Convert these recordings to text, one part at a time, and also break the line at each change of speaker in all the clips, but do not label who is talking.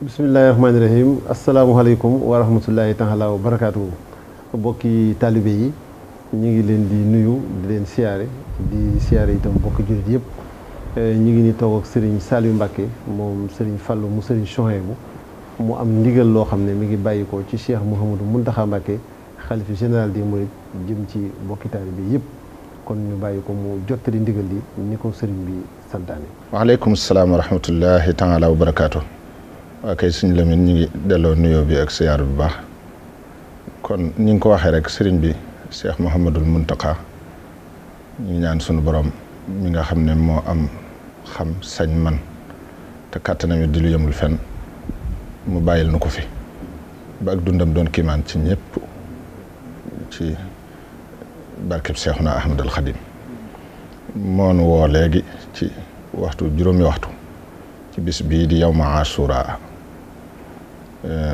بسم الله الرحمن الرحيم السلام عليكم ورحمة الله تعالى وبركاته بوكي طالبي نيجي لين دي نيو لين سياري دي سياري تام بوكي جيل ديب نيجي نتوقع سرين سالم باكي مم سرين فلو مسرين شهيم مو أم نيجي الله خم نيجي باي كو تشيخ محمد منتخا باكي خلف جنرال دي مريد جمتي بوكي طالبي يب كون نيو باي كو مو جوتري نيجي لي نيكو سرين بي سنتاني
وعليكم السلام ورحمة الله تعالى وبركاته waa kay suñ Lamine ñu ngi delloo nuyoo bi ak siyaar bu baax kon ñi ngi ko waxee rek sëriñ bi Cheikh Mouhamadul Mountakha ñu ñaan sunu borom mi nga xam ne moo am xam sañ man te kàttanam it di lu yëmul fenn mu bàyyil nu ko fi ba ak dundam doon kiimaan ci ñëpp ci barkeb Seexuna Ahmadul Xadim moonu woo léegi ci waxtu juróomi waxtu ci bis bii di yow ma asura Euh,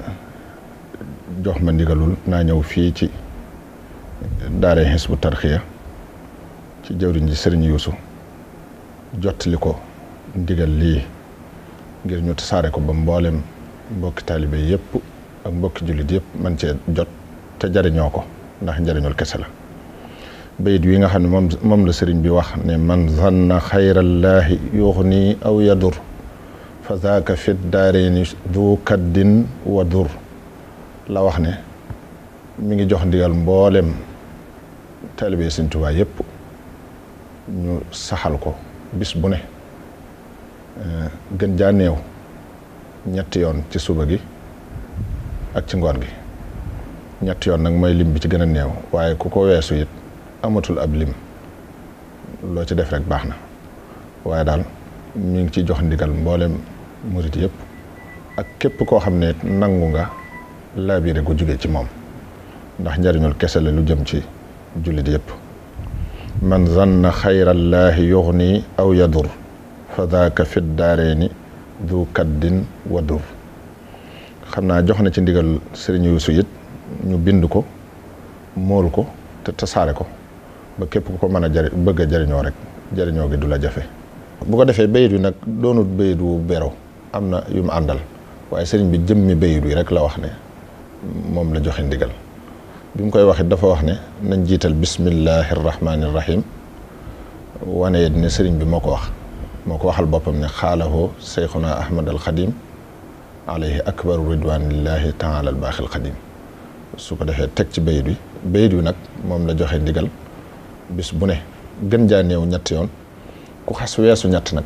jox ma ndigalul naa ñëw fii ci daare Hizbut Tarqiyyah ci jëwriñ ji Sëriñ Yuusu jottali ko ndigal lii ngir ñu saare ko ba mboolem mbokki taalibe yëpp ak mbokki jullit yëpp man cee jot te jariñoo ko ndax njariñul kese la bayit wi nga xam ne moom la sëriñ bi wax ne man zanna xayrallaahi yuxni aw yadur fa zaaka fit daarayni du kaddin wa dur la wax ne mu ngi jox ndigal mboolem taalibe Sëñ Tuubaa yépp ñu saxal ko bis bu ne eh, gën jaa néew ñetti yoon ci suba gi ak ci ngoon gi ñetti yoon nag mooy lim bi ci gën a néew waaye ku ko weesu it amatul ab lim loo ci def rek baax na waaye daal mi ngi ci jox ndigal mboolem murit yëpp ak képp koo xam ne nangu nga laabire gu jóge ci moom ndax njariñul kese la lu jëm ci jullit yëpp man zanna xayrallaahi yuxni aw yadur fa daaka fi daareeni du kaddin wa xam naa jox na ci ndigal sëriñ Yuusu it ñu bind ko mool ko te tasaare ko ba képp ku ko mën a jari bëgg a jariñoo rek jariñoo gi du la jafe bu ko defee bayit wi nag doonut bayit wu beroo am na yu mu àndal waaye sëriñ bi jëmmi bayit wi rek la wax ne moom la joxe ndigal bi mu koy wax it dafa wax ne nañ jiital bismillahi rahmaani rahim wane it ne sëriñ bi moo ko wax moo ko waxal boppam ne xaalahu seyxuna ahmad al xadim alayhi akbaru ridwanillahi taala al baaxil xadim su ko defee teg ci bayit wi bayit wi nag moom la joxe ndigal bis bu ne gën jaa néew ñett yoon ku xas weesu ñett nag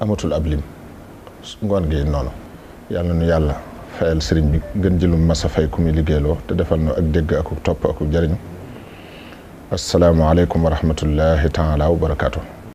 amatul ab lim ngoon gi noonu yàlla nu yàlla fayal sëriñ bi gën ji lu mas a fay ku liggéeyloo te defal no ak dégg akub topp akub jëriñ asalaamaaleykum wa rahmatullahi taala wa barakaatu.